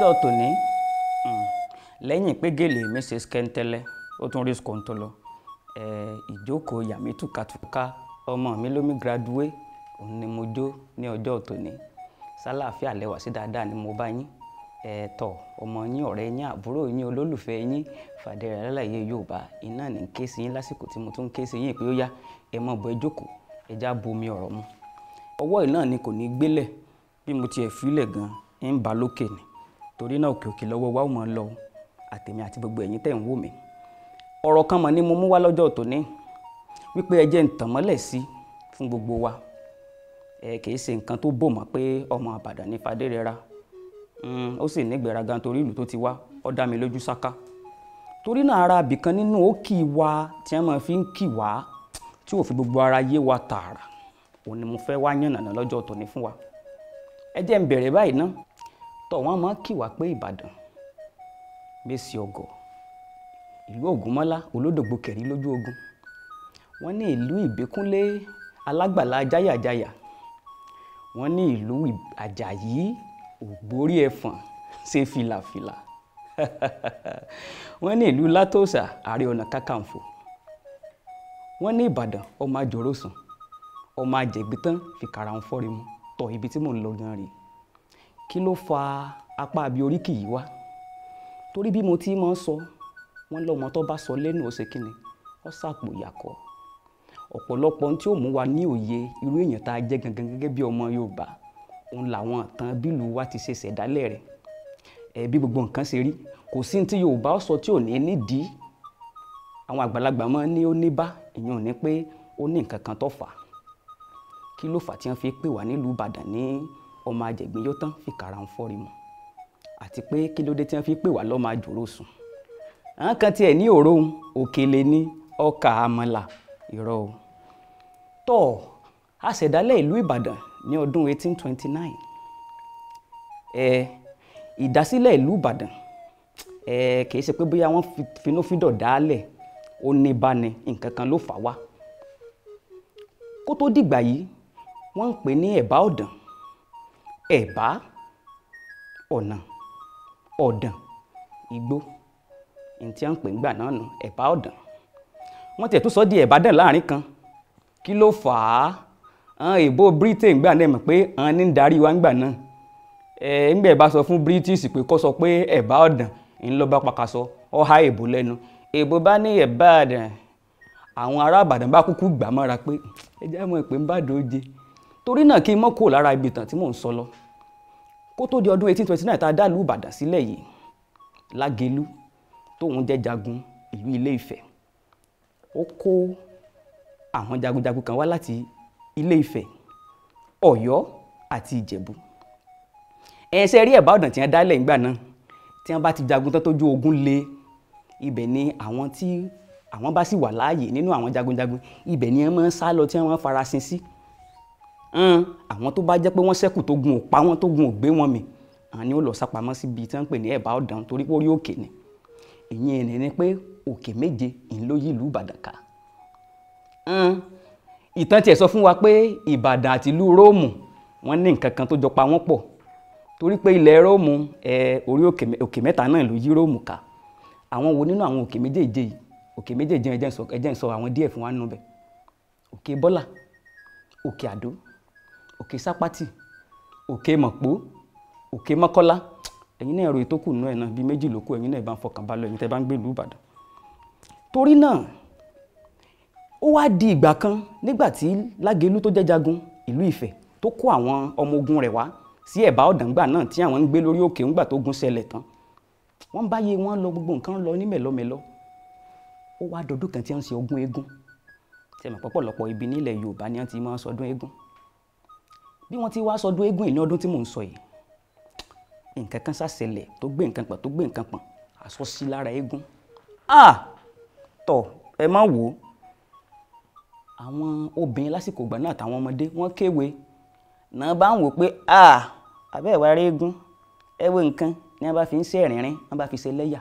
lọ́jọ́ tòní hmm, lẹ́yìn pé gèlè mi ṣe skẹ́ńtẹ́lẹ́ ó tún rí skòǹtò lọ ìjókòó yàmí túkàtúkà ọmọ mi lómi gradué òun ni mo jó ní ọjọ́ tòní sálàáfíà lẹ́wà sí dáadáa ni mo bá yín ẹ̀ẹ́tọ̀ ọmọ yín ọ̀rẹ́ yín àbúrò yín olólùfẹ́ yín Fàdérè Alálàyé Yorùbá iná ní ké sí yín lásìkò tí mo tún ké sí yín pé ó yá ẹ mọ̀ bọ́ ẹ jókòó ẹ já bomi ọ̀rọ̀ mu ọwọ́ yìí ni kò ní gbélẹ̀ bí mo tiẹ̀ fílẹ̀ gan ń ba lókè ni torí náà òkè òkè lọ́wọ́ wa ò mọ̀ lọ àti gbogbo ẹ̀yìn tẹ̀ ń wò ọ̀rọ̀ kan mọ̀ ni mo mú wá lọ́jọ́ tòní wípé ẹ jẹ́ ń tàn mọ́lẹ̀ sí fún gbogbo wa ẹ kì í ṣe nǹkan tó bò mọ́ pé ọmọ àbàdàn ní Fadérẹra hmm, ó sì nígbéraga torí ìlú tó ti wá Ọ́ dá mi lójú torí náà ara abìkan nínú ó kì í tọ̀ wọ́n mọ́ kìwà pé ìbàdàn mẹ́sì ọgọ̀ ìlú ògúnmọ́lá olódògbò kẹ̀rí lójú ogun wọ́n ní ìlú ìbíkúnlé alágbàlá jáyàjáyà wọ́n ní ìlú àjàyí ògbórí ẹ̀fọ̀n ṣe filafila wọ́n ní ìlú látòsà ààrẹ ọ̀nà kákàǹfò wọ́n ní ìbàdàn ọmọ àjòrò sùn ọmọ àjẹgbẹ́tán fìkàrà ń fọ́rí mu tọ̀ ibi tí mò ń lọ gan rèé kí ló fa apá àbí oríkì yìí wá torí bí mo ti máa ń sọ wọ́n lọ́mọ tó bá sọ lẹ́nu ọ̀sẹ̀ kínní ó sàpò ìyàkọ́ ọ̀pọ̀lọpọ̀ ohun tí ó mú wa ní òye irú èèyàn tá a jẹ́ gangan gẹ́gẹ́ bí ọmọ Yorùbá òun làwọn tán bílù wa ti ṣe ṣẹ̀dálẹ̀ rẹ̀ ẹ̀ bí gbogbo nǹkan ṣe rí kò sí ti Yorùbá sọ tí ò ní nídìí àwọn àgbàlagbà máa ní ó ní bá ìyẹn ò ní pé ó ní nǹkan kan tó fà kí ló fà tí wọ́n fi pè wá nílùú Ìbàdàn ní ọmọ àjẹgbẹ́ yóò tán fìkàrà ń fọ́rí mọ́ àti pé kí ló dé tí wọ́n fi pè wá lọ́mọ àjòrò sùn àwọn kan tiẹ̀ ní òró òkèlè ní ọkà àmàlà ìrọ̀ o tọ́ àṣẹ̀dálẹ̀ ìlú Ìbàdàn ní ọdún 1829 ẹ ìdásílẹ̀ ìlú Ìbàdàn ẹ kìí ṣe pé bóyá wọ́n finúfíndọ̀ dálẹ̀ ó ní bá ní nǹkan kan ló fà wá kó tó dìgbà yìí wọ́n ń pè ní Ẹ̀bá Ọ̀dàn ẹ̀bá ọ̀nà ọ̀dàn igbó ní tí wọ́n ń pè ńgbà náà nù ẹ̀bá ọ̀dàn wọ́n tiẹ̀ tún sọ di ẹ̀bá dàn láàrin kan kí ló fà á àwọn èèbó Britain gbà náà mọ̀ pé àwọn ní ń darí wa ńgbà náà ẹ̀ ńgbà ẹ̀bá sọ fún British pé kó sọ pé ẹ̀bá ọ̀dàn sọ pàkàṣọ ha èèbó lẹ́nu èèbó bá ní ẹ̀bá ọ̀dàn àwọn ará Ìbàdàn bá kúkú gbà mọ́ra pé ẹ jẹ́ mọ̀ pé ń bá dòó je torí náà kí n mọ́ kúrò lára ibi ìtàn tí mò ń sọ lọ kó tó di ọdún 1829 tá a dá ìlú ìbàdàn sílẹ̀ yìí lágelú tóun jẹ́ jagun ìlú ilé ìfẹ́ ó kó àwọn jagunjagun kan wá láti ilé ìfẹ́ ọ̀yọ́ àti ìjẹ̀bú ẹ̀ẹ́sẹ̀ rí ẹ̀bá ọ̀dàn tí wọ́n dálẹ̀ ńgbà náà tí wọ́n bá ti jagun tán tójú ogun lé ibẹ̀ ni àwọn tí àwọn bá sì wà láàyè nínú àwọn jagunjagun ibẹ̀ ni wọ́n máa ń sá lọ tí wọ́n máa ń sí. Si àwọn tó bá jẹ́ pé wọ́n ṣẹ́kù tó gun òpá wọn tó gun ògbé wọn mi àwọn ni ó lọ sápamọ́ síbi tí wọ́n ń pè ní ẹ̀bá ọ̀dàn torí pé orí òkè ni ìyẹn ẹ̀nì ni pé òkè méje ìlú yìí ìlú Ìbàdàn ká ìtàn tiẹ̀ sọ fún wa pé Ìbàdàn àti ìlú Róòmù wọ́n ní nǹkan kan tó jọ pa wọ́n pọ̀ torí pé ilẹ̀ Róòmù ẹ orí òkè mẹ́ta náà ló yí Róòmù ká àwọn wo nínú àwọn òkè méjèèje yìí òkè méjèèje ẹjẹ́ ń sọ àwọn díẹ̀ fún wa nù bẹ̀ òkè Bọ́là òkè Àdó òkè sápátì òkè mọ̀pó òkè mọ́kọ́lá ẹ̀yin náà ròyìn tó kù nù ẹ̀ náà bíi méjì ló kù ẹ̀yin náà bá ń fọkàn balẹ̀ ẹ̀yin tẹ́ bá ń gbé ìlú Ìbàdàn torí náà ó wá di ìgbà kan nígbà tí Lágelú tó jẹ́ jagun ìlú Ifẹ̀ tó kó àwọn ọmọ ogun rẹ̀ wá sí ẹ̀bá ọ̀dàngbà náà tí àwọn ń gbé lórí òkè ńgbà tó gun ṣẹlẹ̀ tán wọ́n báyé wọn lọ gbogbo nǹkan lọ ní mẹ̀lọ́mẹ̀lọ́ ó wá dọdún kan tí wọ́n ń ṣe ọdún eégún tẹ̀mọ̀ pọ̀pọ̀lọpọ̀ ibi nílẹ̀ Yorùbá ni wọ́n ti máa ń sọdún eégún bí wọ́n ti wá sọdún eégún ìní ọdún tí mò ń sọ yìí nǹkan kan ṣàṣẹlẹ̀ tó gbé nǹkan pọ̀ tó gbé nǹkan pọ̀ aṣọ sí lára eégún ah tọ ẹ má wò ó àwọn obìnrin lásìkò ìgbà náà àtàwọn ọmọdé wọ́n kéwe náà bá ń wò pé ah abẹ́ ìwà eégún ẹ wo nǹkan ni wọ́n bá fi ń ṣe ẹ̀rìnrín wọ́n bá fi ṣe lẹ́yà